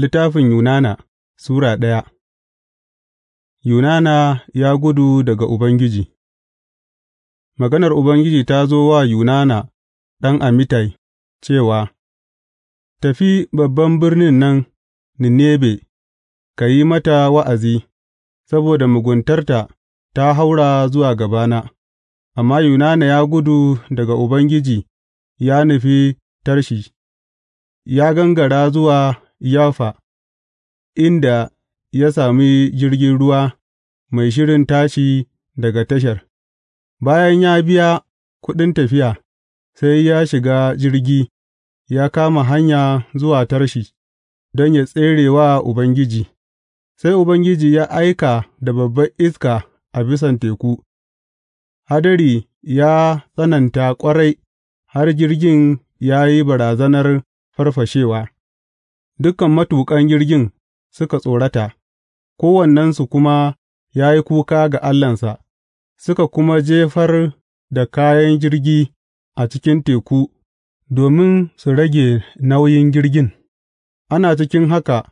Littafin Yunana Sura ɗaya Yunana ya gudu daga Ubangiji Maganar Ubangiji ta zo wa Yunana ɗan Amitai cewa, Tafi babban birnin nan Ninebe, ka yi mata wa'azi, saboda muguntarta ta haura zuwa gabana, amma Yunana ya gudu daga Ubangiji ya nufi tarshi. ya gangara zuwa Yaffa, inda ya sami jirgin ruwa mai shirin tashi daga tashar, bayan ya biya kuɗin tafiya, sai ya shiga jirgi ya kama hanya zuwa tarshi don ya tsere wa Ubangiji, sai Ubangiji ya aika da babbar iska a bisan teku, hadari ya tsananta ƙwarai har jirgin ya yi barazanar farfashewa. dukan matuƙan jirgin suka tsorata, kowannensu kuma ya yi kuka ga Allahnsa, suka kuma jefar da kayan jirgi a cikin teku domin su rage nauyin jirgin. Ana cikin haka,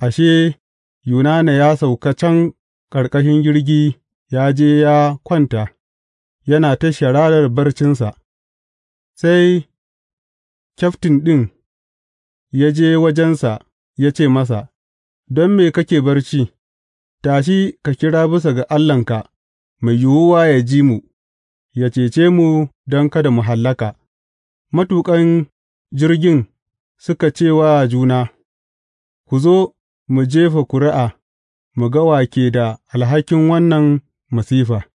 ashe, Yunana ya sauka can ƙarƙashin jirgi ya je ya kwanta, yana ta shararar barcinsa, sai kyaftin ɗin ya je wajensa ya ce masa, Don me kake barci, tashi ka kira bisa ga Allahnka, mai yiwuwa ya ji mu, ya cece mu don kada mu hallaka. Matuƙan jirgin suka ce wa juna, Ku zo mu jefa ƙuri'a, mu ga wake da alhakin wannan masifa,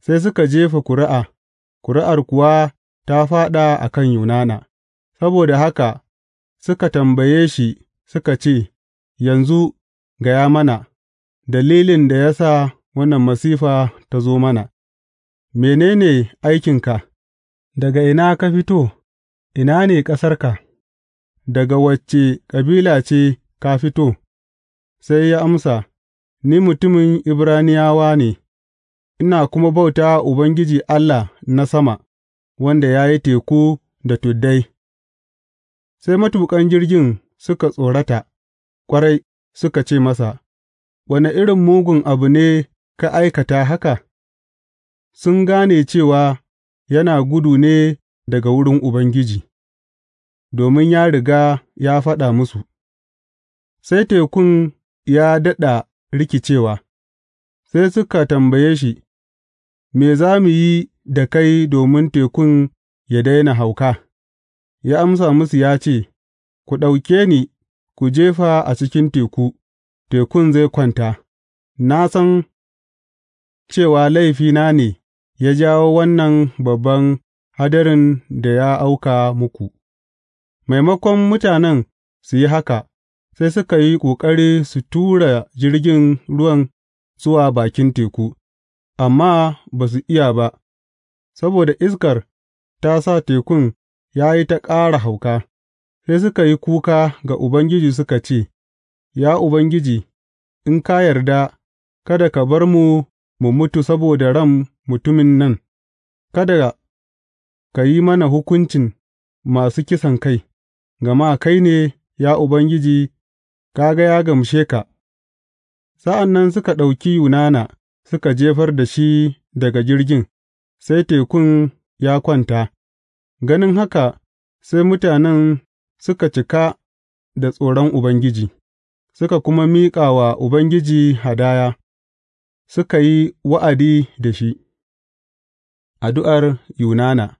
sai suka jefa ƙuri'a, ƙuri'ar kuwa ta fāɗa a kan Yunana, saboda haka suka tambaye shi suka ce, Yanzu gaya mana, dalilin da ya sa wannan masifa ta zo mana, mene ne aikinka, daga ina ka fito, ina ne ƙasarka, daga wacce kabila ce ka fito, sai ya amsa, Ni mutumin Ibraniyawa ne, ina kuma bauta Ubangiji Allah na sama, wanda ya yi teku da tuddai. Sai matuƙan jirgin suka tsorata ƙwarai, suka ce masa, Wane irin mugun abu ne ka aikata haka? Sun gane cewa yana gudu ne daga wurin Ubangiji, domin ya riga ya faɗa musu, sai tekun ya daɗa rikicewa, sai suka tambaye shi, Me za mu yi da kai domin tekun ya daina hauka? Ya amsa musu ya ce, Ku ɗauke ni ku jefa a cikin teku, tekun zai kwanta, na san cewa laifina ne ya jawo wannan babban hadarin da ya auka muku, maimakon mutanen su yi haka, sai suka yi ƙoƙari su tura jirgin ruwan zuwa bakin teku, amma ba su iya ba, saboda iskar ta sa tekun ya yi ta ƙara hauka, sai suka yi kuka ga Ubangiji suka ce, Ya Ubangiji, in ka yarda, kada ka bar mu mu mutu saboda ran mutumin nan, kada ka yi mana hukuncin masu kisan kai. gama kai ne, ya Ubangiji, ka ga ya gamshe ka. Sa'an nan suka ɗauki Yunana suka jefar da shi daga jirgin, sai tekun ya kwanta. Ganin haka, sai mutanen suka cika da tsoron Ubangiji, suka kuma miƙa wa Ubangiji hadaya, suka yi wa'adi da shi. Addu'ar Yunana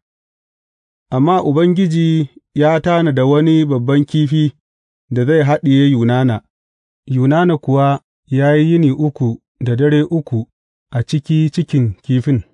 Amma Ubangiji ya tana da wani babban kifi da zai haɗiye Yunana, Yunana kuwa ya yi yini uku da dare uku a ciki cikin kifin.